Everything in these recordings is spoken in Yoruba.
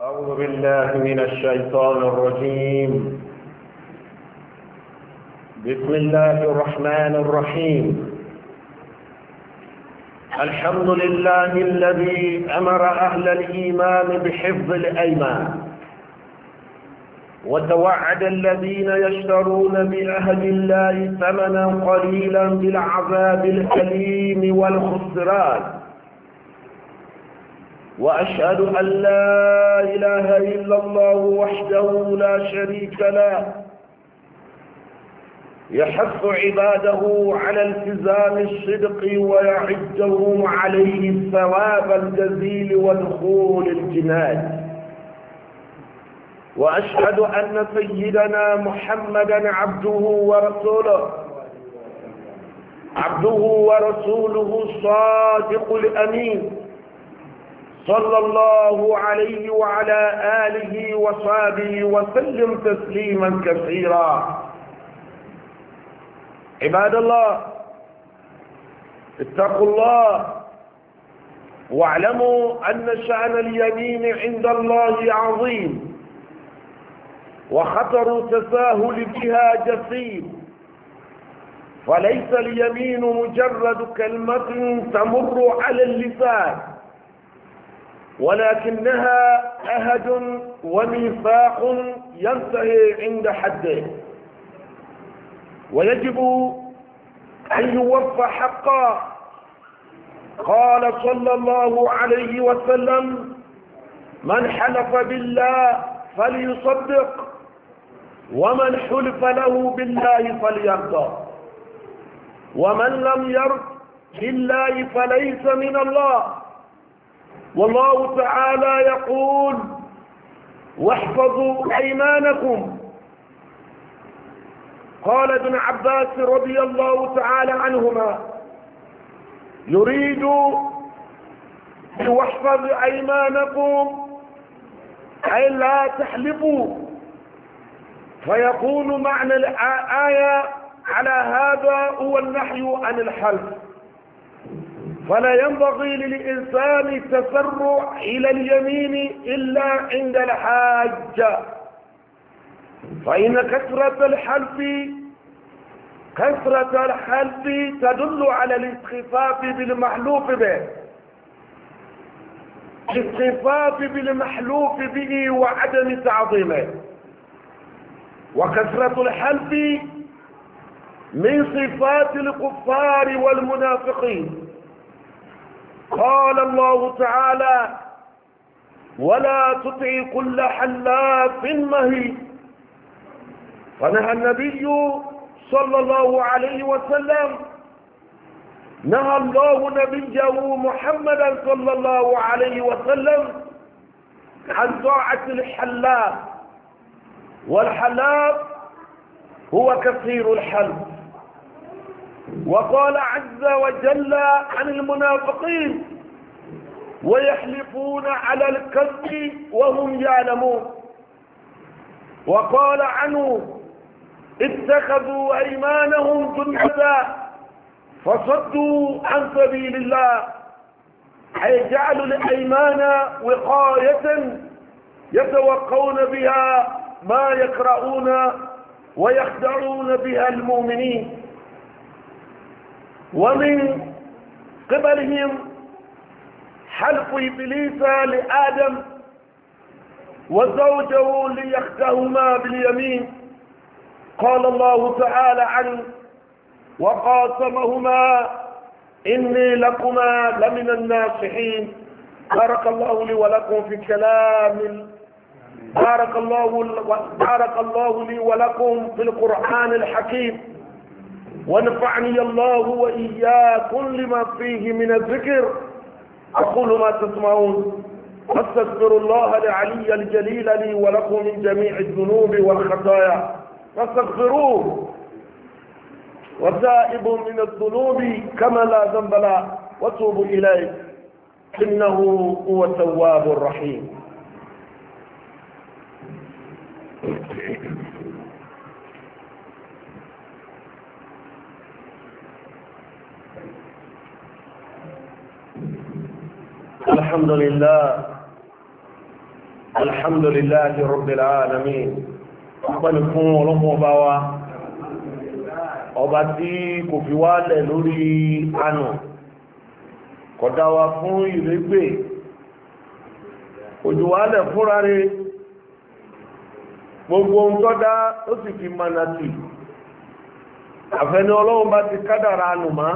أعوذ بالله من الشيطان الرجيم بسم الله الرحمن الرحيم الحمد لله الذي أمر أهل الإيمان بحفظ الأيمان وتوعد الذين يشترون بأهل الله ثمنا قليلا بالعذاب الأليم والخسران وأشهد أن لا إله إلا الله وحده لا شريك له يحث عباده على التزام الصدق ويعدهم عليه الثواب الجزيل ودخول الجنان وأشهد أن سيدنا محمدا عبده ورسوله عبده ورسوله الصادق الأمين صلى الله عليه وعلى آله وصحبه وسلم تسليما كثيرا عباد الله اتقوا الله واعلموا أن شأن اليمين عند الله عظيم وخطر تساهل بها جسيم فليس اليمين مجرد كلمة تمر على اللسان ولكنها أهد وميثاق ينتهي عند حده ويجب أن يوفى حقا قال صلى الله عليه وسلم من حلف بالله فليصدق ومن حلف له بالله فليرضى ومن لم يرض بالله فليس من الله والله تعالى يقول واحفظوا أيمانكم قال ابن عباس رضي الله تعالى عنهما يريد واحفظ أيمانكم أي لا تحلفوا فيكون معنى الآية على هذا هو النحي عن الحلف فلا ينبغي للإنسان التسرع إلى اليمين إلا عند الحاجة فإن كثرة الحلف كثرة الحلف تدل على الاستخفاف بالمحلوف به الاستخفاف بالمحلوف به وعدم تعظيمه وكثرة الحلف من صفات الكفار والمنافقين قال الله تعالى ولا تطع كل حلاف مهيب فنهى النبي صلى الله عليه وسلم نهى الله نبيه محمدا صلى الله عليه وسلم عن طاعة الحلاف والحلاف هو كثير الحلف وقال عز وجل عن المنافقين ويحلفون على الكذب وهم يعلمون وقال عنه اتخذوا ايمانهم جنبا فصدوا عن سبيل الله اي جعلوا الايمان وقاية يتوقون بها ما يقرؤون ويخدعون بها المؤمنين ومن قبلهم حلق إبليس لآدم وزوجه ليختهما باليمين قال الله تعالى عنه وقاسمهما إني لكما لمن الناصحين بارك الله لي ولكم في كلام بارك الله بارك الله لي ولكم في القرآن الحكيم ونفعني الله وإياكم لما فيه من الذكر أقول ما تسمعون أستغفر الله لعلي الجليل لي ولكم من جميع الذنوب والخطايا فاستغفروه وتائب من الذنوب كما لا ذنب له وتوب إليه إنه هو التواب الرحيم الحمد لله الحمد لله رب العالمين ọpẹ́lú fún ọlọ́pọ̀ ọba wa ọba tí kò fi wá lẹ̀ lórí ànà kọ̀dá wa fún ìrégbè òjò wá lẹ̀ fúnra rẹ̀ gbogbo ohun tó dá ó sì fi manati àfẹ́ni ọlọ́run bá ti kádàrà ànùmá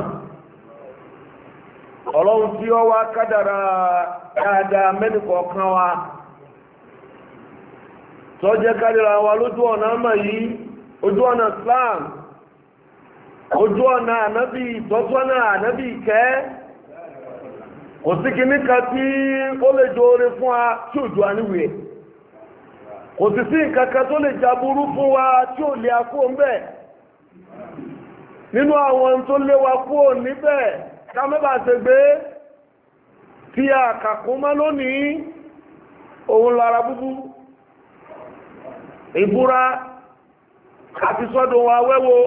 ọlọ́run tí ó wá kádàrà dáadáa mẹ́nìkọ̀ kan wa tó jẹ́ kádàrà wa lójú ọ̀nà àmà yìí ojú ọ̀nà Islam ojú ọ̀nà ànábì ìtọ́sọ́nà ànábì ìkẹ́ kò sí kìíní kan tí ó lè jọre fún wa tí ò ju àníwèé kò sì sí nǹkan tó lè jaburú fún wa tí ò lè akó ń bẹ̀ nínú àwọn tó léwa kúrò níbẹ̀ ká mẹ́bà ṣe gbé tí a kàkún mọ́ lónìí òun lára búbú ìbúra àti sọ́dọ̀ wọn awẹ́wo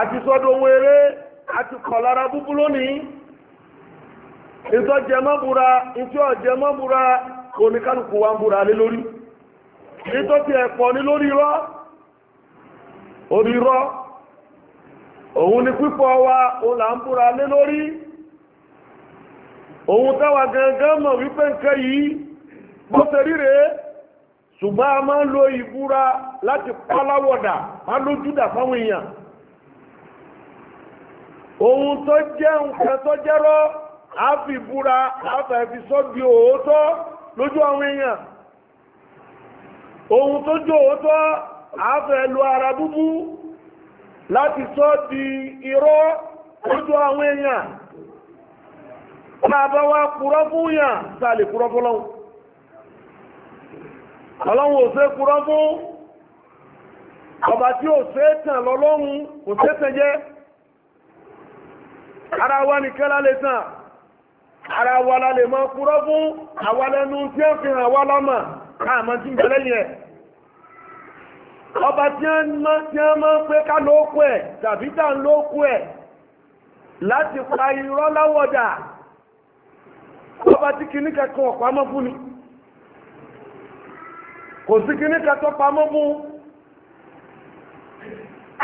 àti sọ́dọ̀ wọn eré àti kọ̀ lára búbú lónìí ìtọ́jẹmọ́búra ìtọ́jẹmọ́búra oníkálùkù wa ń búra lé lórí ìtọ́jẹ ẹ̀pọ̀ ní lórí rọ́ òun ni pípọ̀ wa òun là ń búra lé lórí òun táwa gangan mọ̀ wípé nǹkan yìí ṣùgbọ́n a máa ń lo ìbúra láti páláwọ̀dà má lójúdà fáwọn ohun tó jẹ́ nǹkan tó a fi búra a òótọ́ lójú àwọn èèyàn ohun tó jẹ́ òótọ́ a lo láti sọ di irọ́ ojú àwọn èèyàn bàbá wa kúrọ́ fún yàn ya kúrọ́ fún lọ́wọ́ ọlọ́run ò fẹ́ kúrọ́ fún ọba tí ò fẹ́ tàn lọ́lọ́run kò fẹ́ tàn jẹ́ ara wa nìkan lálẹ́ tàn ara wa lálẹ́ mọ́ kúrọ́ fún tí ó fi hàn wá káàmọ́ tí ń ọba tí wọ́n máa ń pé ká lóókù ẹ̀ tàbí tà ń lóókù ẹ̀ láti pa irọ́ láwọ̀dà ọba tí kìíní kẹ́kọ̀ọ́ pamọ́ fún ni kò sí kìíní kẹ́kọ̀ọ́ pamọ́ fún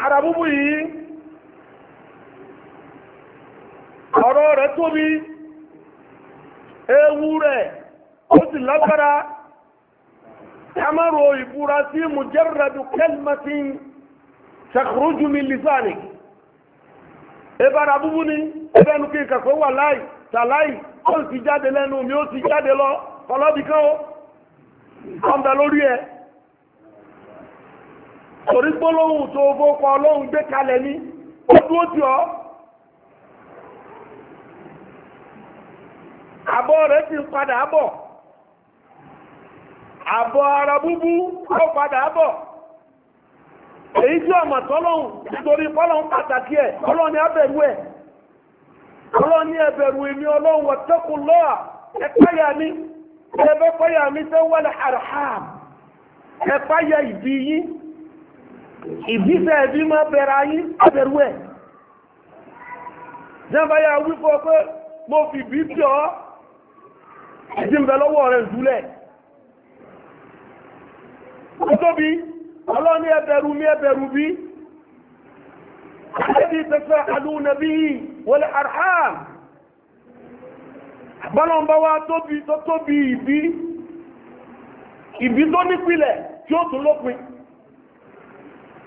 ara búbú yìí ọ̀rọ̀ rẹ̀ tóbi ewu rẹ̀ ó sì lágbára kámọ́rò ìbúra sí mujarradu kẹlmatin takhruju min lisanik ebara búbú ni ẹbẹ́nu kí kàkọ́ wà láì tàláì ó sì jáde lẹ́nu mi ó sì jáde lọ kọlọ́bì kan ó kọ́mbẹ̀ lórí ẹ torí gbólóhùn tó fókọ ọlọ́hun gbé kalẹ̀ ní ó dúó tí ọ àbọ̀ rẹ̀ ti padà bọ̀ àbọ̀ ara búbú ó padà bọ̀ èyí tí ọmọ tọ́lọ́hùn nítorí pọ́lọ́hùn pàtàkì ẹ̀ ọlọ́ni abẹ̀rú ẹ̀ ọlọ́ni ẹbẹ̀rù èmi ọlọ́hùn wọ̀tẹ́kù lọ́à ẹ̀páyà mi ẹ̀bẹ́páyà mi tẹ́ wọ́n lẹ́ àrhàm ẹ̀páyà ìbí yín ìbísẹ̀ ẹ̀bí máa bẹ̀rẹ̀ ayé ẹbẹ̀rú ẹ̀ jẹ́mbáyà wípọ̀ pé mo fi bí bí ó tóbi ọlọ́ni ẹbẹ̀rù mi ẹbẹ̀rù bí ẹbí tẹ́fẹ́ alúnàbí wọlé arham bọ́lọ̀mbá wá tóbi tó tóbi ìbí ìbí tó nípìlẹ̀ tí ó tún lópin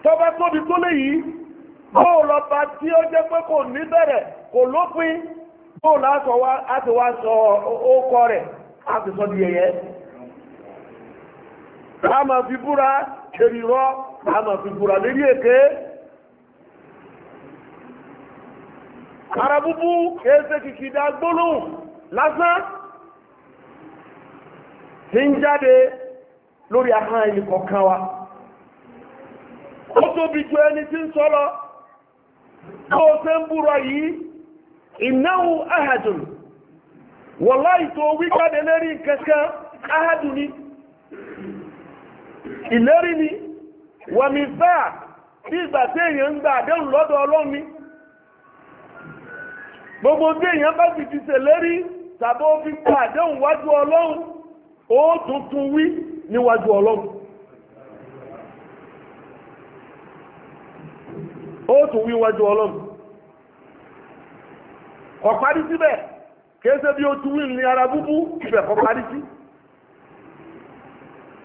tọba tóbi tó lè yìí bóòlọ bá tí ó jẹ́ pé kò ní bẹ̀rẹ̀ kò lópin bóòlọ àtọwà wá sọ ókọ rẹ̀ àti sọ di yẹ̀yẹ́ a máa fi búra lérí rọ a máa fi búra lérí èké ara búbú kéèsè kìkìdá gbólóhùn lásán tí ń jáde lórí ahọ́n ẹni kọ̀ọ̀kan wa ó tóbi ju ẹni tí ń sọ lọ ó ṣe ń búra yìí ìnáwó ahàdùn wọ̀láì tó wí jáde lérí kẹ̀kẹ́ ni ìlérí ni wọ̀mí sáà tí ìgbà tí èèyàn ń gba àdéhùn lọ́dọ̀ ọlọ́run ni gbogbo tí èèyàn bá sì ti ṣèlérí tàbí ó fi gba àdéhùn wájú ọlọ́run ó tuntun wí níwájú ọlọ́run ó tún wí wájú ọlọ́run kọ̀ parí síbẹ̀ kéése bí ó tún wí ní ara búbú ibẹ̀ kọ̀ sí.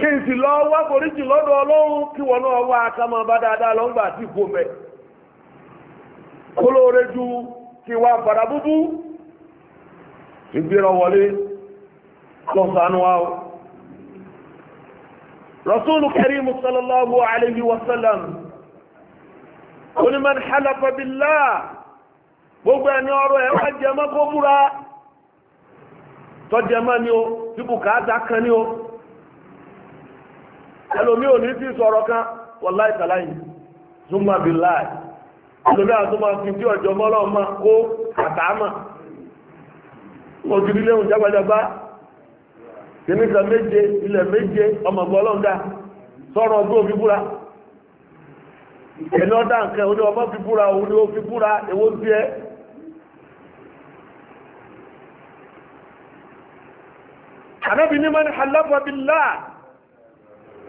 kí n sì lọ wá foríjì lọ́dọ̀ ọlọ́run kí wọn náà wá akámọ́ bá dáadáa lọ́ngbà tí kò mẹ́ olóore ju kí wá fara búbú ìgbéra wọlé lọ́sànán wa o rasulu karimu sallallahu alayhi wa sallam onímọ̀ halafa gbogbo ẹni ọ̀rọ̀ ẹ̀ wá jẹ́ mọ́ kó búra tọ́jẹ́ mọ́ ni o tí bùkátà kan ni o. ẹlòmí ò ní sí sọ̀rọ̀ kan wọ́n láì tàláyìn zuma bí láì ẹlòmí àtúmọ̀ fi tí ọjọ́ mọ́lọ́ ma kó àtàmà ojú ilé òun jágbàjágbá kìnnìkan méje ilẹ̀ méje ọmọ gbọ́lọ́ńdà sọ̀rọ̀ ọdún òfin búra ẹni ọdá nǹkan ọmọ fi búra òun ni fi búra èwo ń fi ẹ́ ànábì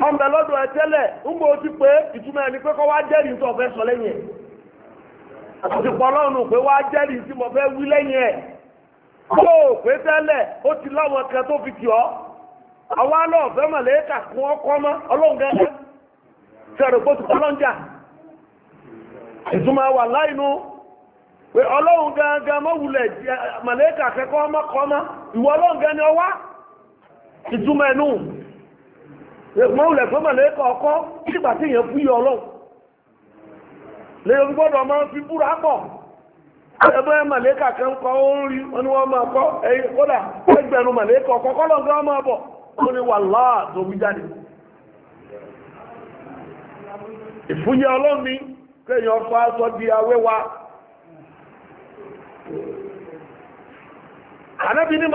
ọmọ lọ́dọ̀ ẹ tẹ́lẹ̀ ń pé ìtumọ̀ ẹni pé kọ́ wá jẹ́rìí tó ọ̀fẹ́ sọ lẹ́yìn ẹ̀ àtìpọ̀ lọ́rùn pé wá jẹ́rìí tí mo fẹ́ wí lẹ́yìn ẹ̀ kó o pé tẹ́lẹ̀ ó ti láwọn kan tó fi kì ọ́ àwa náà ti wà láìnú pé e tó mọ̀lẹ́ kọ̀ọ̀kọ́ nígbà tí èèyàn fún yọ ọlọ́run lèyìn gbọ́dọ̀ máa fi búra pọ̀ ẹgbẹ́ mọ̀lẹ́kà kan ń kọ orí wọn ni kọ́ ẹ̀yìn kódà ẹgbẹ̀rún ọkọ ọ̀kọ́ kọ́lọ̀gbọ́n máa ó ní wà láà tó wí jáde ìfúnyẹ aṣọ di awẹ́wà anábìnrin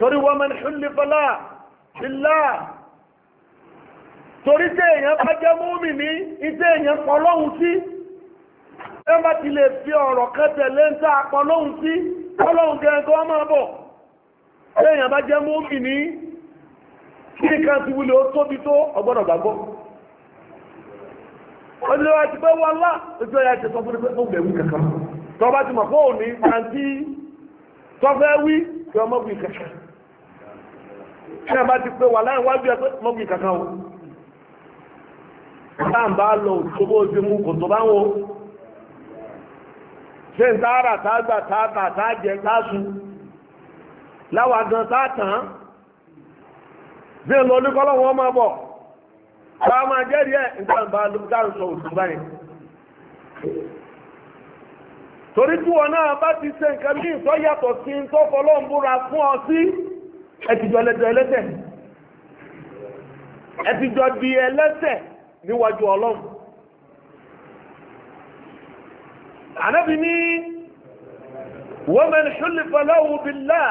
torí wọ́n mọ́ ṣúlẹ̀fọ́lá ìlà torí tí èyàn bá jẹ́ múmi ní ìtí èyàn pọ̀lọ́hun sí ẹ ti lè fi ọ̀rọ̀ kẹtẹ̀lé ń tà pọ̀lọ́hun sí pọ̀lọ́hun gẹ́gẹ́ ma bọ̀ èyàn bá jẹ́ múmi ní kíkà ti kí ẹ bá ti pé wà láì wájú ẹ pé mọ́gbìn kankan o bá ń bá lọ òṣogbo ti mú kò tó bá ń wo ṣé ń tààrà tààgbà tààtà tààjẹ tààsù láwa gan tààtàn bí ń lọ oníkọ́lọ́ wọn máa bọ̀ bá a máa jẹ́rìí ẹ̀ ń bá lóbi táà sọ òṣogbo báyìí torí tí wọn náà bá ti ṣe nǹkan bí ìtọ́ yàtọ̀ sí ń tọ́ fọlọ́ ń búra fún ọ sí ẹtìjọ lẹ́jọ ẹlẹ́ṣẹ̀ ẹtìjọ di ẹlẹ́ṣẹ̀ níwájú ọlọ́run ànábì ní waman hulifa lahu billah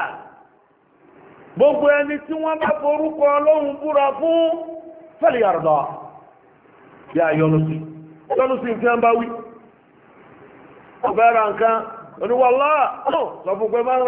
gbogbo ẹni tí wọ́n bá forúkọ ọlọ́run búra fún fẹ́lẹ̀ yàrá bí a yọnu sí yọnu sí nǹkan bá wí ọ̀bẹ̀rẹ̀ nǹkan oníwàlá sọ fún pé máa ń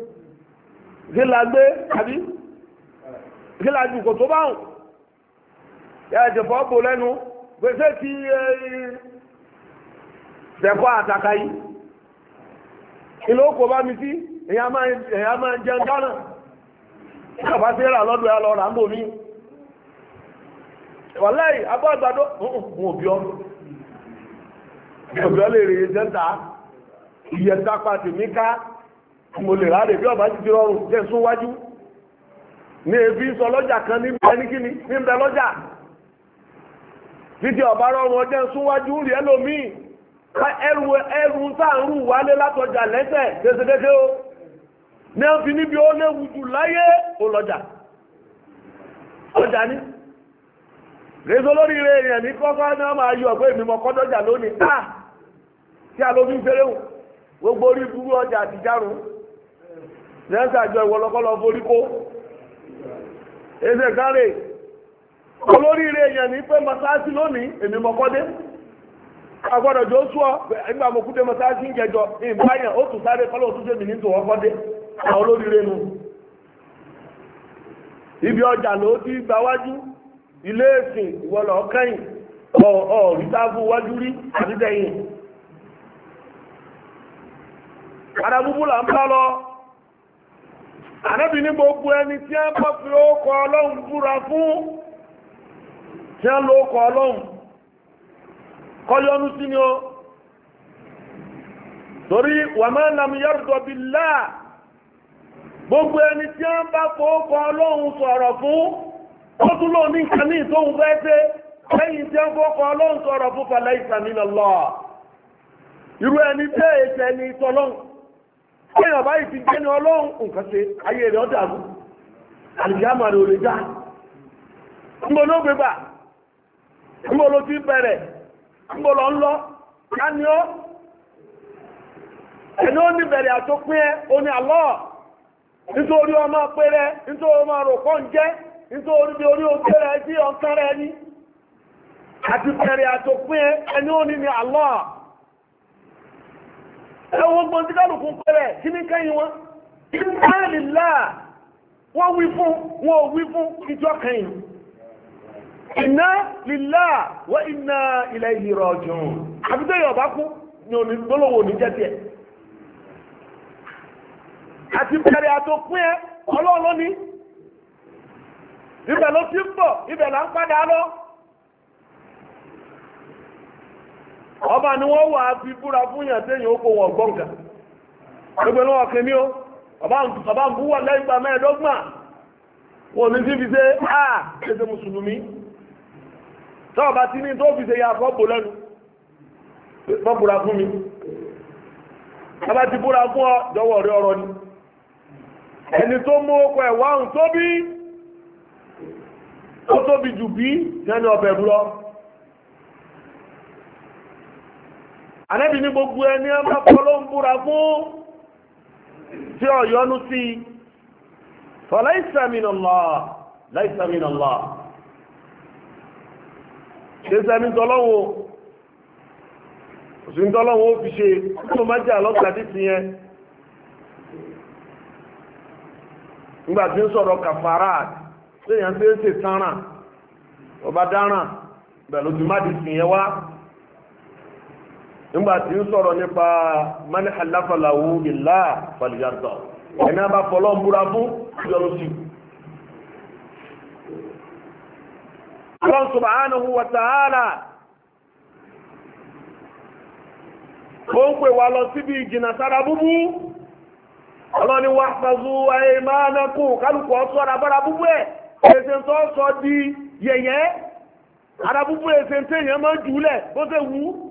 kí la gbé àbí kí la jù kò tó bá hùn ẹ̀jẹ̀fọ́ bò lẹ́nu gbèsè ti ṣẹ̀kọ́ àtàkà yìí ilé ó bá mi sí èyà máa jẹun dáná ìjọba sí rà lọ́dọ̀ ẹ lọ rà ń bò mí wàláì abọ́ àgbàdo mú òbí lè rèé jẹ́ta ìyẹ̀ta pàtì mí ká mo lè ráre bí ọba ti ọrụ jẹ́ súnwájú ní ebi sọ lọ́jà kan ní bẹ́ẹ̀ ní kíni ní ọba rọrùn ọjẹ́ súnwájú rí ẹlòmíì ẹrù sáàrù wálé látọjà lẹ́sẹ̀ o ní ẹ fi níbi ó léwu jù láyé ó lọ́jà ọjà ní rèézo lórí rẹ̀ èèyàn ní kọ́kọ́ lónìí ah! tá lẹ́sàjọ ìwọlọ́kọ́lọ́ foríkó ẹsẹ̀ kárẹ̀ olóríire èèyàn ní pé masáàsì lónìí agbọ́dọ̀ jọ sú ọ nígbà masáàsì ń jẹjọ ìbáyàn ó tún sáré kọ́lọ́ òtún sẹ́mi ní tòun ọkọ́dé àwọn olóríire nu ibi ọjà ló ti gbáwájú ilé ìsìn ìwọlọ̀ wájú rí là ń bá ànábì ní gbogbo ẹni tí a bá fi ókọ ọlọ́run búra fún tí a lo ókọ ọlọ́run kọyọnú sí ni ó torí wà máa ń lam yẹ́rùdọ̀ bí láà gbogbo ẹni tí a bá fi ókọ ọlọ́run sọ̀rọ̀ fún ó tún lò ní nǹkan ní ìtóhun fẹ́ ṣe lẹ́yìn tí a fi ókọ ọlọ́run sọ̀rọ̀ fún fàlẹ́ ìsàmìnà irú ẹni tẹ́ ẹ̀ṣẹ̀ ni ìtọ́lọ́run ẹ̀yàn ọba ti jẹ́ ní ọlọ́run nǹkan ṣe ayé rẹ̀ ọ̀dàrú àlìjáàmà rẹ̀ ò lè dá ló gbégbà ló ti bẹ̀rẹ̀ lọ ń lọ ká ní ó ẹni ó ní bẹ̀rẹ̀ àtòpin ẹ ní àlọ́ nítorí ọmọ péré nítorí ọmọ jẹ́ nítorí ọ̀kan ní ẹni ó ní ní ẹwọ́n gbọ́n tí kálùkù pẹ̀rẹ̀ kí ní kẹ́yìn wọn ìmọ̀lélá wọ́n wí fún wọn ò wí fún ìjọ kẹ́yìn iná lílá wọ́n iná ilẹ̀ ìlera ọ̀jọ̀n àbídọ́ yọ̀bá kú ní òní gbólówó ní jẹ́tẹ̀ àti bẹ̀rẹ̀ àtòpin ẹ ọlọ́ọ̀lọ́ ni ibẹ̀ ló ti ń bọ̀ ibẹ̀ là ń padà lọ ọba ni wọ́n wà fi búra fún yàn tẹ́yìn ó kó wọn gbọ́nkà gbogbo ní ọkẹ ní ó ọba ń búwà lẹ́gbà mẹ́ẹ̀dọ́gbà wọn ní sí fi ṣe àà ṣe mùsùlùmí tọ́ọ̀bá tí ní tó fi ṣe ya fọ́bù lẹ́nu fọ́bùra fún mi ọba ti búra fún ọ dọ́wọ́ rí ọ̀rọ̀ ni ẹni tó mú okọ̀ ẹ̀wà tóbi ó tóbi jù bí sẹ́ni ọbẹ̀ rú lọ ànábì ní gbogbo ẹni ọmọ ọpọlọ ń búra fún tí ọ̀yọ́nú sí fọláìsàmìnàlọ́ láìsàmìnàlọ́ ṣẹ́sàmì tọ́lọ́wọ́ òṣìṣẹ́ tọ́lọ́wọ́ ó fi ṣe tó má jà lọ́kàdí ti yẹn nígbà tí ń sọ̀rọ̀ kàfàrà tí èèyàn ti ń ṣe tánràn ọba dáràn bẹ̀rù tí má di sìn yẹn wá nígbà tí ń sọ̀rọ̀ nípa mani halafalawo bìlá falìyàtọ̀ ẹni àbá fọlọ́ múra fún yọrù sí. Allah subhanahu wa ta'ala ó ń pè wá lọ síbi ìjìnà sára búbú ọlọ́ni wá pẹ̀lú àìmánakù kálùkù ọ̀sọ́ àbára búbú ẹ̀ èsè tó sọ di yẹ̀yẹ́ ara búbú èsè tẹ̀yẹ̀ jùlẹ̀ bó ṣe wù ú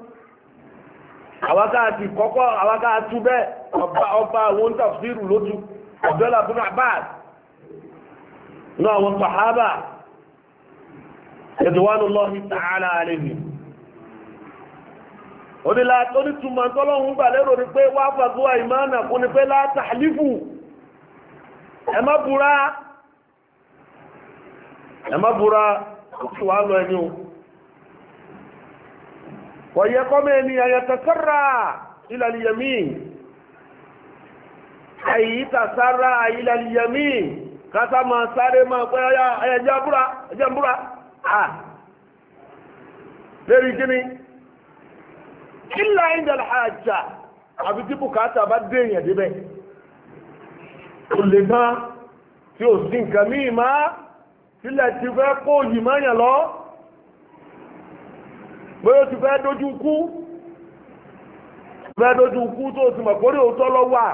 àwáká àti kọ́kọ́ àwáká atú bẹ́ẹ̀ ọba àwọn ń lójú ọ̀dọ́là bùnà báàd ní àwọn sàhábà ẹ̀dùwánú lọ́hí tààlà àlèmì onílà tó tọ́lọ́hún gbà lérò ní pé wá fàgbọ́ ìmáànà kún ní pé látàlífù emabura má wọ̀yẹ kọ́mọ ènìyàn yẹtọ̀ sára ìlàlìyàmí àyíta sára ìlàlìyàmí kásá máa sáré máa pẹ́ ẹ̀jẹ̀ búra ẹ̀jẹ̀ búra à lérí kíni ìlà ìjọba àjà àbí tí bùkátà bá dé èèyàn débẹ̀ kò lè má tí ò sí nǹkan míì má sílẹ̀ ti fẹ́ kó yìí má yàn lọ́ọ́ bóyá ti fẹ́ dojú kú fẹ́ dojú kú tó ti mọ̀ kórè òótọ́ lọ́wọ́ à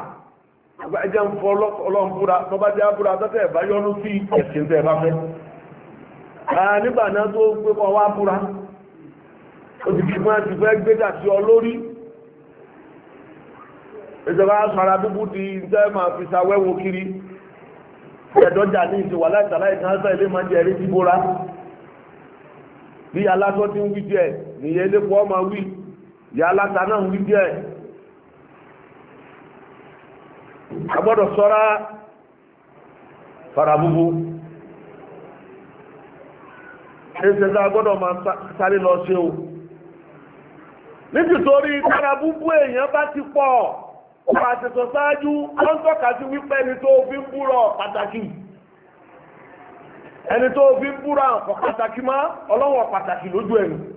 àgbàjẹ́ ń fọ ọlọ́run búra tó bá jẹ́ àbúra tọ́tẹ̀ ẹ̀ bá yọnu sí ẹ̀sìn tẹ̀ bá fẹ́ nígbà náà tó gbé kọ́ wá búra ó ti fi máa ti fẹ́ gbé dàtí ọ lórí ìjọba aṣọra búbú di ìjọba máa fi sawẹ́wò kiri ẹ̀dọ́jà ní ìṣèwà láìsàláì kan ilé máa jẹ́ eré tí bóra bí alásọ́ ti ń wí jẹ́ nìyẹn elépo ọmọ wí ìyá aláta náà wí díẹ̀ a agbọdọ ṣọ́ra farabubu ẹsẹ̀ tá a ma máa sáré lọ ṣe o nítorí farabubu èèyàn bá ti pọ ọ̀pọ̀ àtẹ̀sọ̀ ṣáájú wọ́n tọ́ka sí wípé ni tó fi ń búrọ̀ pàtàkì ẹni tó fi ń búra pàtàkì má ọlọ́wọ̀ pàtàkì lójú ẹ̀yìn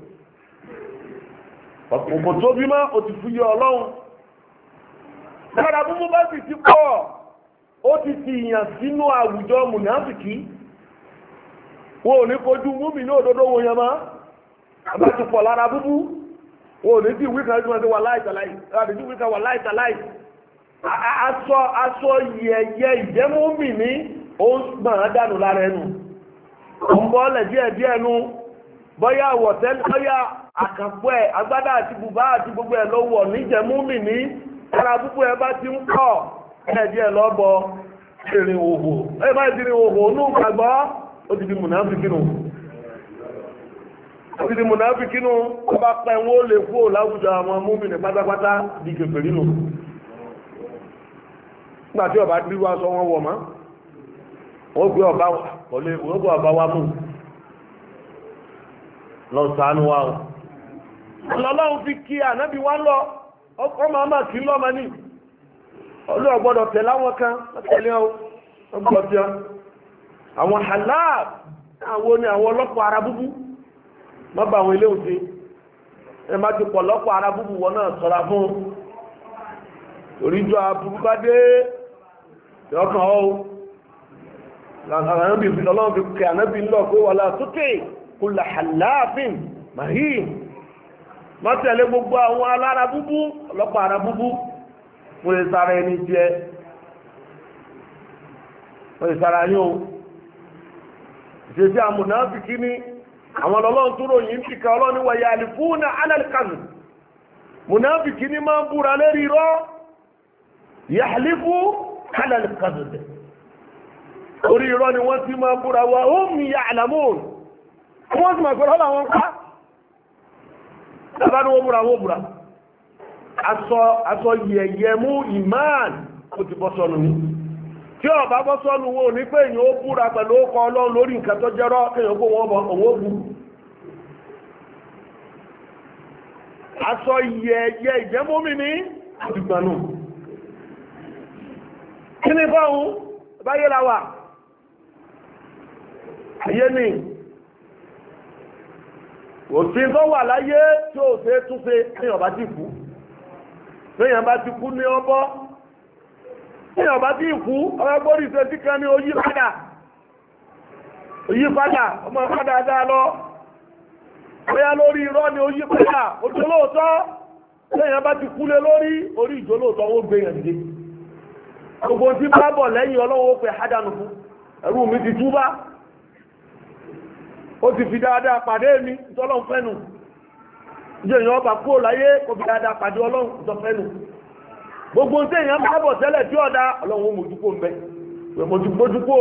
òkò tó bí o ti fúyẹ́ ọlọ́run dára búbú bá sì ti pọ̀ ó ti ti yàn sínú àwùjọ mùnàfìkì wọn ò ní kojú múmi ní òdodo wọn yẹn mọ́ àbá ti pọ̀ lára búbú wọn ò ní ti wíkà ẹjú wọn ti wà láìtàláì àbí ti wíkà wà láìtàláì aṣọ aṣọ yẹyẹ ìjẹ́múmi ní ó ń dànù lára ẹnu ọ̀pọ̀ ọ̀lẹ̀ díẹ̀ díẹ̀ nu bọ́yá wọ̀tẹ́ bọ́yá àkànpọ̀ ẹ̀ agbádá àti bùbá àti gbogbo ẹ̀ ló wọ̀ níjẹ̀múmì ní ara púpọ̀ ẹ bá ti ń kọ̀ ẹ̀dí ẹ̀ lọ́bọ ìrìn òhò ẹ bá ti rìn òhò ní ìgbàgbọ́ ó ti di mùnàfíkínú ó ti di mùnàfíkínú ó bá pẹ́ wọn ó lè kú ò láwùjọ àwọn múmi ní pátápátá di kèfèrí nígbà tí ọba wa mú lọ ṣàánú wa o ọlọ́run fi kí lọ ọkọ̀ máa máa kí ní láwọn kan ọ ọgbọ́dọ̀ àwọn halal àwọn ni àwọn ọlọ́pàá ara búbú má ilé òde ẹ má ti pọ̀ lọ́pàá ara búbú wọn náà fún oríjọ bá dé ọkàn ọlọ́run fi ńlọ wà kúlà hàláàfin mahim má tẹ̀lé gbogbo àwọn alára búbú ọlọ́pàá ara búbú wọ́n lè sára ẹni jẹ́ wọ́n lè sára yín o ìṣesí àmùnáfíkí ni àwọn ọlọ́run tó ròyìn ti ka ọlọ́run wọ̀nyí àlìfúnà alẹ́kànù mùnáfíkí ni máa ń búra lérí rọ́ yàhlífú alẹ́kànù orí irọ́ ni wọ́n ti máa búra wa ó mi yà àlàmóòrùn wọ́n sì mọ̀ pé wọn yẹ ní tí ó bá bọ́ sọnù wọn ò ní pé èyàn ó búra pẹ̀lú ọkọ ọlọ́run lórí nǹkan tó jẹ́rọ́ kó wọn bọ̀ òun ìjẹ́mómi ní òfin tó wà láyé tí ò ṣe ti kú èèyàn bá ti kú ní ọbọ́ èèyàn bá ti kú ọmọ gbórí tí kan ní oyí padà oyí padà ọmọ padà dáa lọ bóyá lórí irọ́ ní oyí padà ti kú lé lórí orí ó gbé yàn gbogbo tí bá bọ̀ lẹ́yìn ọlọ́wọ́ ó ti fi dáadáa pàdé mi tọ́lọ́n fẹ́nu ìjọ èèyàn ọba kúrò láyé kò fi dáadáa pàdé ọlọ́run tọ́ fẹ́nu gbogbo tí èèyàn bá bọ̀ tẹ́lẹ̀ tí ọ̀dá ọlọ́run ó mójúkó mbẹ pẹ̀ mójúkó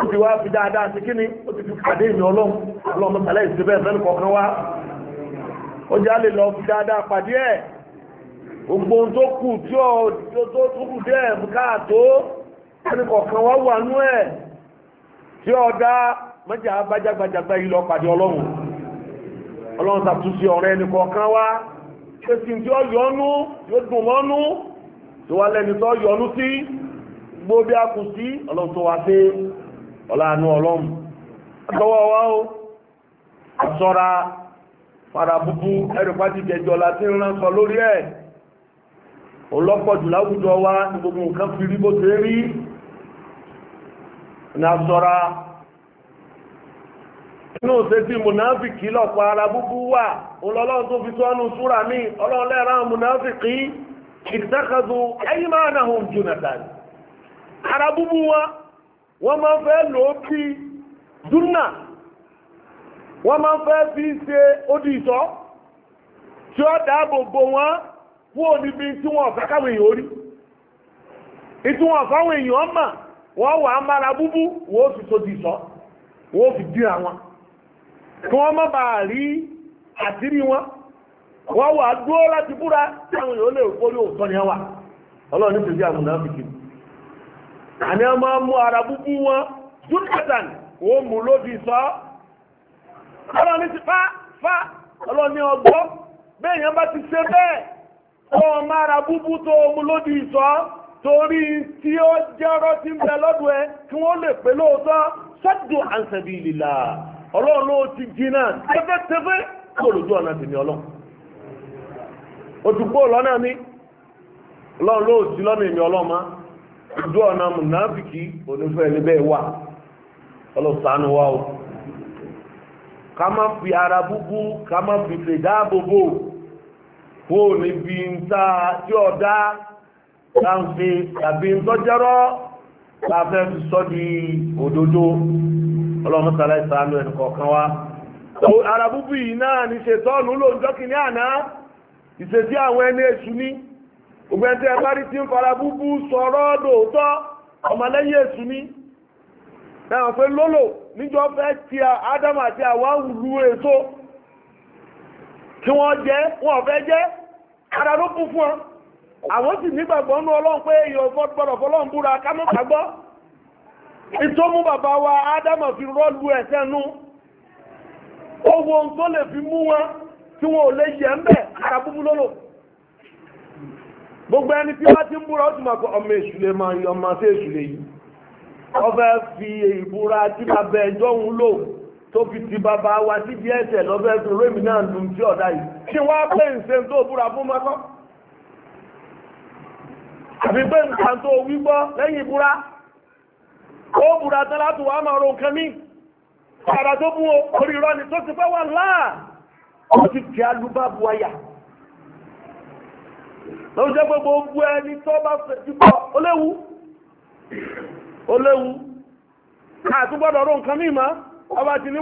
ó ti wá fi dáadáa sí kíni ó ti fi pàdé ìyàn ọlọ́run ọlọ́run mọ́tàlẹ́ ìṣe bẹ́ẹ̀ fẹ́nu kọ̀ọ̀kan wá ó já lè lọ fi dáadáa pàdé ẹ̀ gbogbo tó kù tí ó tí ọ̀dá mọ́jà abájágbàjàgbà ilọ̀ pàdé ọlọ́run ọlọ́run ṣàtúnṣe ọ̀rẹ́ ẹnì kọ̀ọ̀kan wá ṣe sì tí ó yọnú yóò dùn mọ́nú tó wá lẹ́ni tó yọnú sí gbó bí a kù sí ọlọ́run tó wá sí ọlọ́run ọlọ́run àtọwọ́ wa ó inú òṣèṣì mùnáfìkì lọ́pọ̀ ara búbú wà tó fi tọ́nu súra mi ọlọ́run lẹ́ra ara búbú wa wọ́n máa fẹ́ lò ó bí dúnà wọ́n máa fẹ́ fi ṣe odi ìtọ́ tí ó dáàbò bò wọ́n kú níbi tí wọ́n fẹ́ káwọn èèyàn orí ìtúwọ̀n fáwọn èèyàn mà wọn wà á mára búbú fi tó di kí wọ́n má bàa rí àtírí wọn wọ́n wà dúró láti búra táwọn èèyàn lè fórí ní tòjú àmúná fìkì búbú tó mú lóbi sọ torí tí ó jẹ́rọ́ tí ń bẹ lọ́dọ̀ ẹ kí wọ́n lè pè lóòótọ́ sọ́dọ̀ àǹsẹ̀bí ìlìlà ọlọ́run ló ti jìnnà tẹ́fẹ́tẹ́fẹ́ kó lójú ọ̀nà tèmi ọlọ́run òtùkú lọ́nà mi ọlọ́run ló ti lọ́nà èmi ọlọ́run má ọ̀nà mùnàfìkì onífẹ́ níbẹ̀ wà ọlọ́run ṣàánú wa o ká má fi ara búbú ká má fi fèdáàbòbò kó níbi ń ta tí ọ̀dá láǹfẹ́ tàbí ń tọ́jọ́rọ́ láfẹ́ fi sọ́ di òdodo. ọlọ́run sàlá ìsàánú ẹnì kọ̀ọ̀kan wa ara búbú yìí náà ní ṣètọ́ọ̀nù ló ń jọ́kì ní àná ìṣesí àwọn ẹni èṣù ní gbogbo ẹni tí ẹ bá rí tí ń fara búbú sọ̀rọ̀ lóòótọ́ ọmọlẹ́yìn èṣù ní náà pé lólò níjọ fẹ́ ti ádámù àti àwọn àwùlú èso tí wọ́n jẹ́ wọ́n fẹ́ jẹ́ ara ló kún fún ọ àwọn sì nígbàgbọ́ nú ọlọ́run pé èèyàn gbọ́dọ̀ fọlọ́run búra ká mọ́ ìtọ́ mú bàbá wa ádámà fi rọ́lù ẹ̀sẹ̀ nú owó ohun tó lè fi mú wọn tí wọn ò lè yẹ ń bẹ̀ ara búbú lọ́lọ́ gbogbo ẹni tí wọ́n ti ń búra ó ti mọ̀ pé ọmọ èṣù lè máa yọ ọmọ sí èṣù lè yìí ọfẹ́ fi ìbúra tí bàbá ẹjọ́ ń lò tó fi ti bàbá wa sí di ẹsẹ̀ lọ́fẹ́ tó rémi náà dùn sí ọ̀dà yìí kí wọ́n á pè ń ṣe tó búra fún mọ́kọ́ àfi pé nǹkan tó wí gbọ́ lẹ́yìn ìbúra o búra tán látò wà máa ro nǹkan mí ara tó orí ni tó ti fẹ́ wà láà ó ti fi alúbá ayà jẹ́ gbogbo bú ẹni tó bá fẹ́ jùbọ́ ó ma ọba ti ní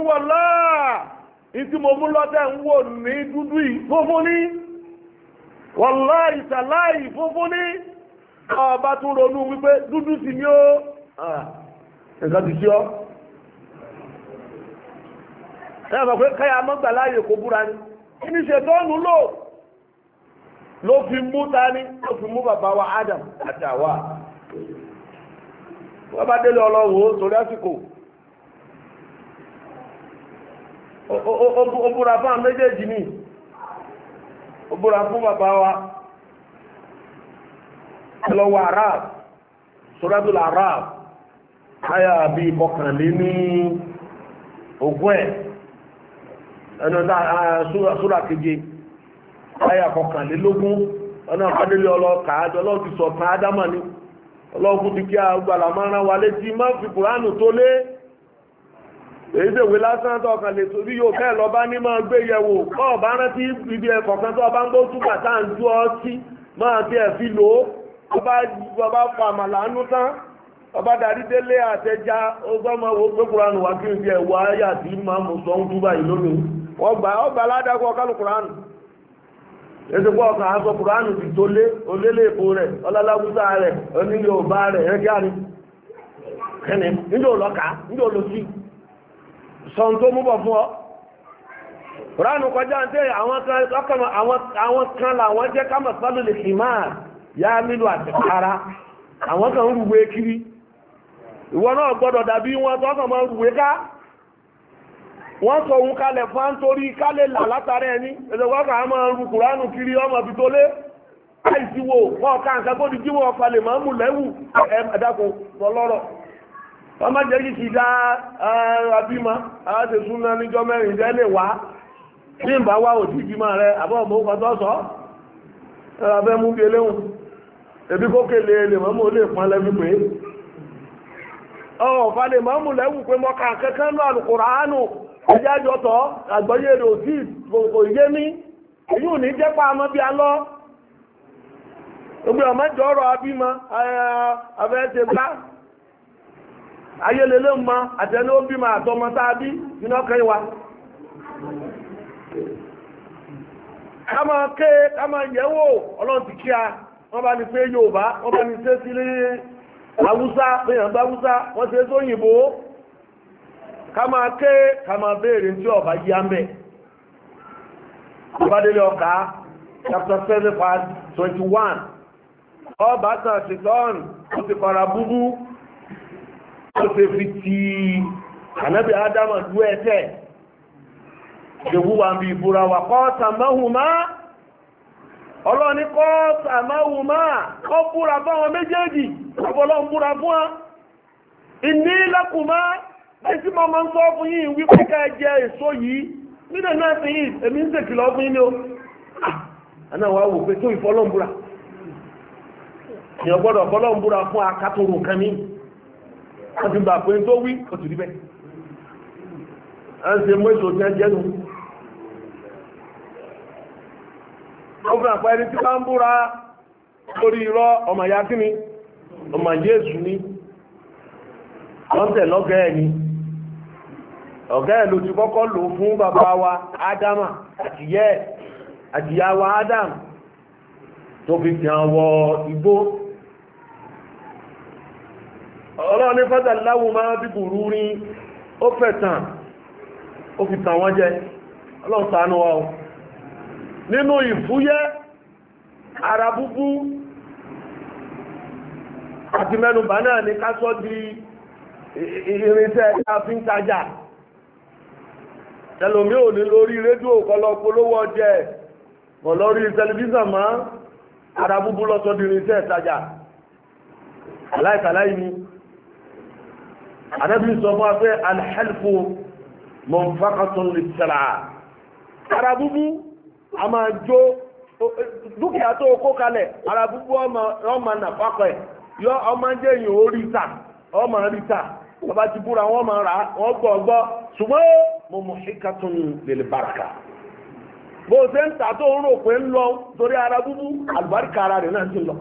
mo mú ọba tún ronú wípé dúdú sí ni ó ah. nǹkan ti ṣíọ́ ẹ̀yà mọ̀ pé káyà mọ́gbà láàyè kó búra ni kí ni ṣètọ́nù lò ló fi mú tani ló fi mú bàbá wa Adam àti àwa wọ́n bá délé ọlọ́wọ́ torí àsìkò ó búra fún àwọn méjèèjì ni ó búra fún bàbá wa ẹlọ́wọ́ Arab suratul Arab káyà bí ọkànlé ní ogún ẹ̀ ẹnu súra keje káyà ọkànlélógún ọ̀nà àpádélé ọlọ́ọ̀kà àjọlọ́ọ̀kì sọ̀tàn ádámà ni ọlọ́ọ̀kù ti kí a gbàlà máa rán wa létí má fi kùránù tó lé èyí tèwé lásán tó ọkàn lè torí yóò fẹ́ lọ bá ní máa gbé yẹ̀wò kọ́ ọ̀bá rántí ibi ẹ̀kọ̀ kan tó ọba ń gbó túbà tá à ń jú ọ sí máa tiẹ̀ fi lò ó ọba fa àmàlà ń nú tán ọba darí délé àtẹjá ọgbọ́n wo pé kuranu wá kiri bí ẹ wá yà máa mú sọ ń lónìí ọgbà ọgbà aládàkọ kálù kuranu ètò pọ̀ ọkàn aṣọ kuranu ti tó lé olélé èkó rẹ̀ ọlọ́lábúsá rẹ̀ onílé ọba rẹ̀ ẹ̀kẹ́ àní kẹ́ni níjọ́ lọ́ka níjọ́ lọ́sí tó mú bọ̀ fún ọ kọjá ń àwọn kan làwọn jẹ́ máa yá àtẹ̀kára àwọn kan ń rúgbó ekiri ìwọ náà gbọ́dọ̀ dàbí wọn tọ́kàn mọ́ rùwé ká wọ́n sọ òun kalẹ̀ fán torí kálẹ̀ là látara ẹni ẹ̀sọ̀gbọ́kà á máa rú kùránù kiri ọmọ fi tó lé àìsí wo wọ́n ká nǹkan tó di jí wọ́n falẹ̀ máa ń mú lẹ́wù ẹ̀dàkùn lọ́lọ́rọ̀ wọ́n má jẹ́ kí ti dá abímọ aláṣẹ́súná níjọ́ mẹ́rin jẹ́ lè wá ní ìbá wá òtí ìbímọ rẹ àbọ̀ ọmọ òkò tó sọ ẹ̀rọ abẹ́ mú bí eléhùn ẹ̀bí kókè lè lè mọ́mọ́ ó lè pọn lẹ́bí pé ọ̀fàlẹ̀ oh, mọ́mù lẹ́wù pé mọ́ka kankan náà alùkùránù ẹjájọ́tọ̀ àgbọ́yé rẹ̀ òjì gbogbo ìyé ní yíò ní jẹ́pá ọmọ bí a lọ ọgbẹ̀ ọmọ jọrọ abímọ abẹ́ẹ̀ṣẹ̀ wa a awúsá fihàn bá awúsá wọ́n ṣe sóyìnbó ká máa ké ká máa béèrè tí ọba yí ámbẹ̀ ìbádélé ọkà chapter seven verse twenty one ọba kan ti tọ́ọ̀n ó ti kọra búbú ó ti fi ti ànábì ádámà lú ẹ̀tẹ̀ ìwúwa bí ìbúra wà kọ́ sàmáhùmá ọlọ́ni kọ́ sàmáhùmá ó búra báwọn méjèèjì ọbọ̀lọ́ múra fún á ìní lákùnmá ẹ̀sí ma ma ń sọ fún yìí wí pé ká jẹ èso yìí nílẹ̀ náà fi yìí èmi ń sèkìlọ̀ fún yìí ni ó ah, àná wa wò pé tó ìfọlọ́mbúra èèyàn gbọ́dọ̀ fọlọ́mbúra fún akátóró kan ní wọ́n ti gbà pé tó wí kò tì rí bẹ́ẹ̀ à ń ṣe mú èso tí wọ́n jẹ́ nu ó fi àpẹẹrẹ tí wọ́n ń búra lórí irọ́ ọmọ ìyá kí ni. ọmọ jésù ní kọ́ńtẹ̀ lọ́gẹ́ ẹ̀ ni ẹ̀ ló ti kọ́kọ́ fún bàbá wa adama àtìyẹ́ tó fi fi hàn wọ igbó ọlọ́run ní láwù máa bí rí ó fẹ̀tàn ó fi tàn àti mẹ́nubà náà ni ká sọ di irinṣẹ́ káfíńtajà ẹlòmí ò ní lórí rédíò kọlọ polówó ọjẹ mọ̀ lórí tẹlifíṣàn mọ́ ara búbú lọ́sọ di irinṣẹ́ ìtajà aláìkàláì ni àdẹ́bí sọ fún wa pé alhẹ́lfù mọ̀nfàkàtún lè tẹ̀lá ara búbú a máa jó dúkìá tó kó kalẹ̀ ara búbú ọmọ nàfàkọ̀ ẹ̀ yọ ọmọ jẹ́ èèyàn ó rí ta ọmọ rí ta bàbá ti búra wọn máa rà wọn gbọ́ mo mọ̀ ṣíkà tún lèlè bàràkà bó o ṣe ń ta tó ń rò pé ń lọ torí ara búbú àlùbáríkà ara náà ti lọ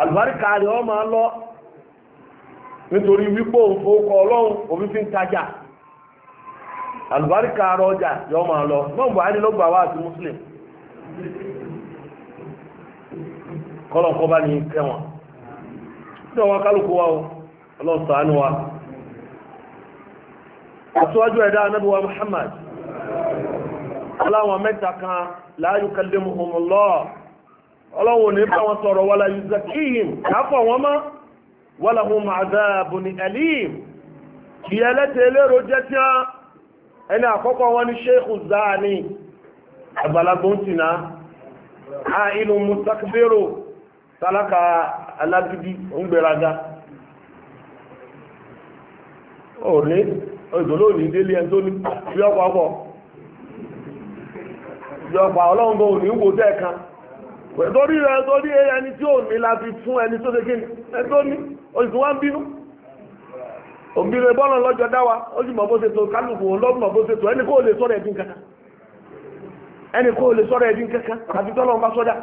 àlùbáríkà rẹ ọ máa lọ nítorí wípé lọ buhari muslim kọ́lọ̀n kọ́ bá ní kẹwọn tí wọ́n kálùkù wa ọlọ́sàánú wa àtúwájú ẹ̀dá anábíwa Muhammad aláwọn mẹ́ta kan la yukallimuhumullah ọlọ́wọ̀n ní bá wọn sọ̀rọ̀ wala yuzakihim káfọ̀ wọn mọ́ walahum adhabun alim ìyẹlẹ́tẹ̀ elérò jẹ́ tí wọ́n ẹni àkọ́kọ́ wọn ni ṣéèkù záà ní àgbàlagbóntìná àìlú mustakbiru tálákà alágídí ń gbéraga òní ìdòló òní délé ẹni tó ní bí ọ̀pọ̀ ọ̀pọ̀ ìjọba ọlọ́run bó ní wò tẹ́ kan torí rẹ̀ tó ní ẹni tí ò ní láti fún ẹni tó tẹ́kí ní ní wá ń bínú lọ́jọ́ dáwà ó sì mọ̀ bó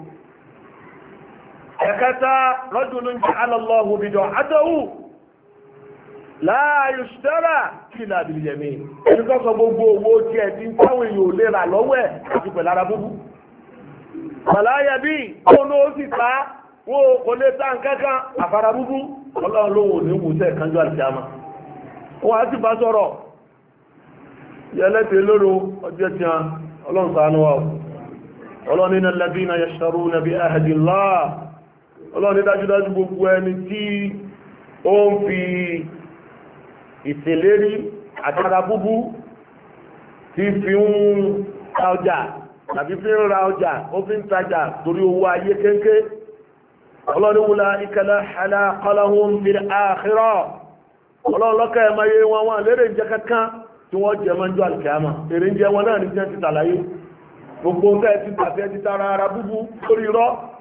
ẹ̀kẹta rọ́jùlún jẹ́ alọ́lọ́hù bìjọ adọ́wù láàyò ṣẹ́rà kí ní àbìlẹ̀mí ẹni tó sọ gbogbo owó tí ẹ̀ ti ń táwọn èèyàn ò lè rà lọ́wọ́ ẹ̀ àti wo kò lè ta búbú ọlọ́run ló wò ní wùsẹ̀ kanjú wọn á sì bá sọ̀rọ̀ yẹlẹ́tẹ̀ lóru ọjọ́ ọlọ́run wa ọlọ́run lẹ́bí náà yẹ ọlọ́run ní dájúdájú gbogbo ẹni tí ó ń fi ìṣèlérí àtàrà búbú ti fi ń ta ọjà tàbí fi ń ra ọjà ó fi ń tajà torí owó ayé kéńké ọlọ́run wula ìkẹlẹ̀ aláàkọlọ́hún fi àkírọ̀ ọlọ́run lọ́kẹ́ ẹ̀mọ́yé wọn wọn lérè jẹ kankan tí wọ́n jẹ mọ́jú ní jẹ́ ti tàlàyé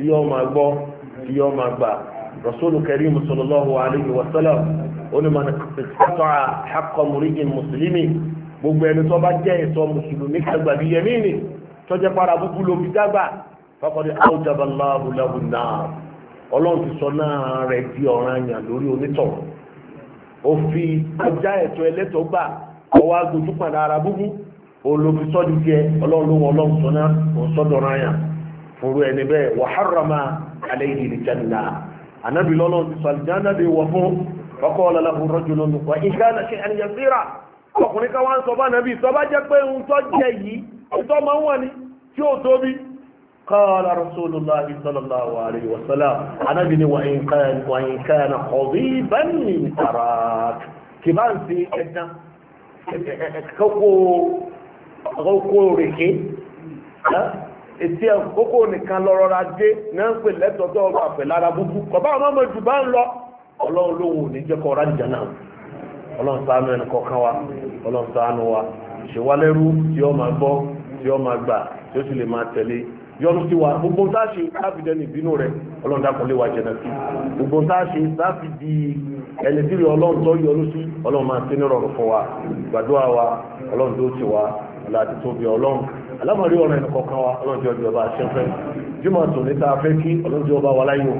tí yọ́ máa gbọ́ tí yọ́ máa gbà rasulu karim sallallahu alayhi wa sallam onímọ̀ ìfẹ́tọ̀ àkọ́ mùrígin mùsùlùmí gbogbo ẹni tó bá jẹ́ ìsọ mùsùlùmí kàgbà bí yẹmí ni tó jẹ́ para búkú lómi dágbà faqad awjaba Allahu lahu an-nar ọlọ́run ti sọ náà rẹ̀ di ọ̀ranyàn lórí onítọ̀hún òfin ọjà ẹ̀tọ́ ẹlẹ́tọ̀ọ́ gbà ọwọ́ agbójúpàdà ara búkú olùfisọ́dí jẹ ọlọ́run ló wọ ọlọ́run sọ náà òun sọ́dọ̀ ọ̀ranyàn fòrò ẹni bẹ́ẹ̀ wàhárama aléyìí lè jẹ́nà anábì lọ́lọ́ sàlìjánà lè wọ̀ fún ọkọ̀ ọ̀lọ́lọ́fún rọ́jò lọ́nà pa ìgbà àti ẹnìyàn síra ọkùnrin ká wá ń sọ bá nàbí sọ bá jẹ́ pé ń tọ́ jẹ yìí tó máa ń wà ní tí ó tóbi kọ́ọ̀lá rasulullahi sallallahu alaihi wasallam anábì ni wàyín kẹ́ẹ̀nà ọ̀bí bẹ́ẹ̀ni tààrà kì bá ń fi ẹ̀dá kókó rèké ètí ẹ̀ kókó nìkan lọ rọra dé náà ń pè lẹ́tọ̀ọ́tọ̀ ọba àfẹ́ lára kọ̀bá àwọn ọmọ jù ń lọ ọlọ́run lóhùn ní jẹ́ kọ́ rájà náà ọlọ́run ṣàánú ẹnì kọ̀ọ̀kan wa ọlọ́run ṣàánú wa ṣèwálẹ́rú tí ó máa gbọ́ tí ó máa gbà tí ó sì lè máa tẹ̀lé yọnu sí wa gbogbo tá a ṣe láfidẹ́ ní ìbínú rẹ ọlọ́run dákun lé wa jẹ̀nà sí gbogbo tá a ṣe láfi di ẹni tí ọlọ́run tó yọnu sí ọlọ́run máa ṣe ní rọrùn fún wa gbàdúrà wa ọlọ́run tó ti wa ọlá àti tóbi ọlọ́run alámọ̀rí ọ̀rọ̀ ẹnu kọ̀ọ̀kan wa ọlọ́njẹ́ ọjọ́ ọba àṣẹfẹ́ jùmọ̀ tó níta fẹ́ kí ọlọ́njẹ́ ọba wa láyò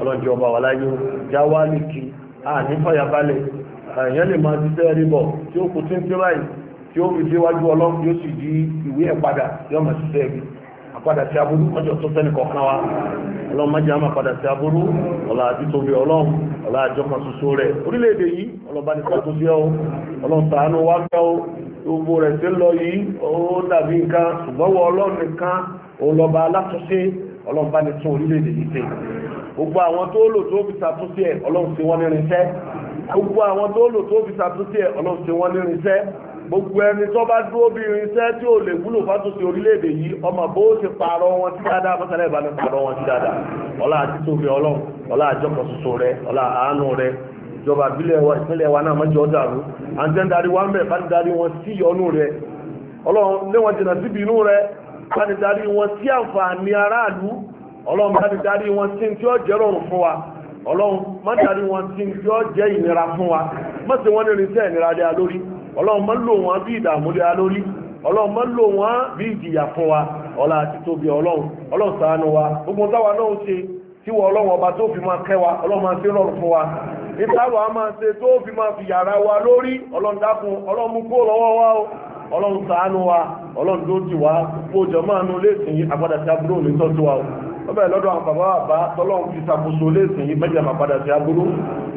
ọlọ́njẹ́ ọba wa láyò já wá ní kí a ní fàyàbalẹ̀ èèyàn lè máa jíṣẹ́ rí bọ̀ tí ó kù tí ń tí báyìí tí ó fi déwájú ọlọ́run yóò sì di ìwé ẹ̀ padà yọmọ̀ ṣiṣẹ́ ibi padà sí aburú mọ́jọ tó sẹ́ni kọ̀ọ̀kan wa ọlọ́run mọ́jọ àmà padà sí aburú ọ̀la àti tóbi ọlọ́run ọ̀la àjọ kan ṣoṣo rẹ̀ orílẹ̀-èdè yìí ọlọ́ba ní sọ́tún sí ọ́ ọlọ́run tàánú wá gbọ́ gbogbo rẹ̀ sí lọ yìí ó dàbí nǹkan ṣùgbọ́n wọ ọlọ́run nìkan òun alátúnṣe ọlọ́run bá ní tún orílẹ̀-èdè yìí ṣe gbogbo àwọn tó lò tó fi ṣàtúnṣe ẹ̀ ọlọ́run ṣe wọ́n ní irinṣẹ́ gbogbo àwọn tó lò tó fi ṣàtúnṣe ẹ̀ ọlọ́run ṣe wọ́n ní irinṣẹ́ gbogbo ẹni tó bá dúró bí irinṣẹ́ tí ò lè wúlò fátòsí orílẹ̀-èdè ọmọ bó ṣe wọn sí dáadáa fọ́sẹ̀lẹ̀ ìbáni pààrọ̀ wọn sí dáadáa ọlá àti tóbi ọlọ́run ọlá àjọpọ̀ soso rẹ ọlá àánú rẹ ìjọba wa ìpínlẹ̀ wa náà mọ́jọ dàrú àǹtẹ́ ń darí wa ń bẹ̀ bá darí wọn sí rẹ ọlọ́run lé wọn jìnnà síbi inú rẹ darí wọn sí àǹfààní aráàlú ọlọ́run darí wọn sí a lórí ọlọ́run má lò wọ́n bí ìdààmú lé lórí ọlọ́run má lò wọ́n bí ìjìyà fún wa ọlá àti tóbi ọlọ́run ọlọ́run wa gbogbo táwa náà ṣe tíwọ ọlọ́run ọba tó fi máa kẹ́ wa ọlọ́run máa ṣe rọrùn fún wa ìtawà máa ṣe tó fi máa fi wa lórí ọlọ́run dákun ọlọ́run mú kó lọ́wọ́ o ọbẹ̀ lọ́dọ̀ àwọn bàbá fi ṣàkóso yìí mẹ́jọ sí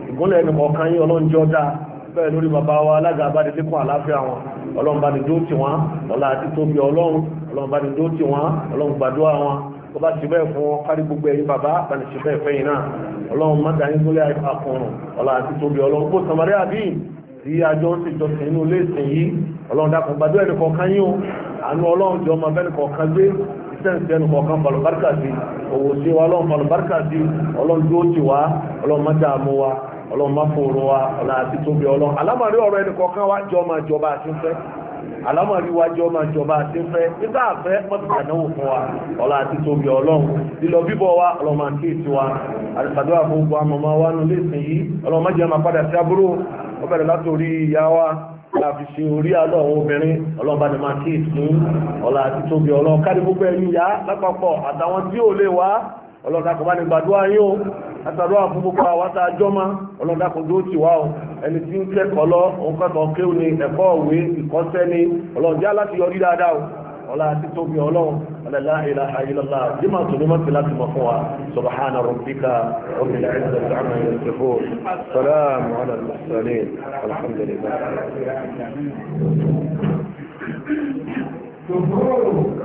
ìgúnlẹ̀ bẹ́ẹ̀ lórí bàbá wa alága àbáde lékún àláfíà wọn ọlọ́run bá ní dó tì wọ́n ọlá àti tóbi ọlọ́run ọlọ́run bá ní dó tì wọ́n ọlọ́run gbàdúrà wọn tó bá ti bẹ́ẹ̀ fún kárí gbogbo ẹ̀yin bàbá àtàlẹ̀ ṣe bẹ́ẹ̀ fẹ́yìn náà ọlọ́run má dání sólé àkọrùn ọlá àti tóbi ọlọ́run kó sàmárẹ́ àbí tí àjọ ń ṣèjọ sí inú ilé ìsìn yìí ọlọ́run dákun gbàdúrà ẹnì kọ̀ọ̀kan yín o àánú ọlọ́run jọ ọmọ abẹ́nì kọ̀ọ̀kan gbé sẹ́ǹsì ẹnu kọ̀ọ̀kan balùbáríkà sí òwò sí wa ọlọ́run balùbáríkà sí ọlọ́run dúró tì wá ọlọ́run má dáa mú wa ọlọ́run wa ọ̀nà àti tóbi ọlọ́run alámọ̀rí ọ̀rọ̀ ẹni kọ̀ọ̀kan wá jọ máa jọba àti ń fẹ́ alámọ̀rí wá jọ máa jọba àti ń fẹ́ nígbà àfẹ́ mọ́tìkànáwò fún wa ọ̀nà àti tóbi ọlọ́run lílọ bíbọ̀ wa ọlọ́run máa ṣe orí àlọ́ àwọn obìnrin ọlọ́ba ni máa kí ìsún ọlá àti tóbi ọlọ́ kárí gbogbo ẹni yá lápapọ̀ àtàwọn tí ò lè wá ọlọ́dàkọ̀ bá ní gbàdúrà yín o látàdúrà fún gbogbo àwátà àjọ́má ọlọ́dàkọ̀ tó wá o ẹni tí ń kẹ́kọ̀ọ́ lọ òun kéwù ni ẹ̀kọ́ òwe ìkọ́sẹ́ ni ọlọ́dà láti yọrí dáadáa o àti tóbi ọlọ́run ọlọ́lá ìlà àìlọ́lá tó ní mọ́sí láti mọ̀ fún wa subhana rabbika rabbil izzati amma yasifun salamu ala al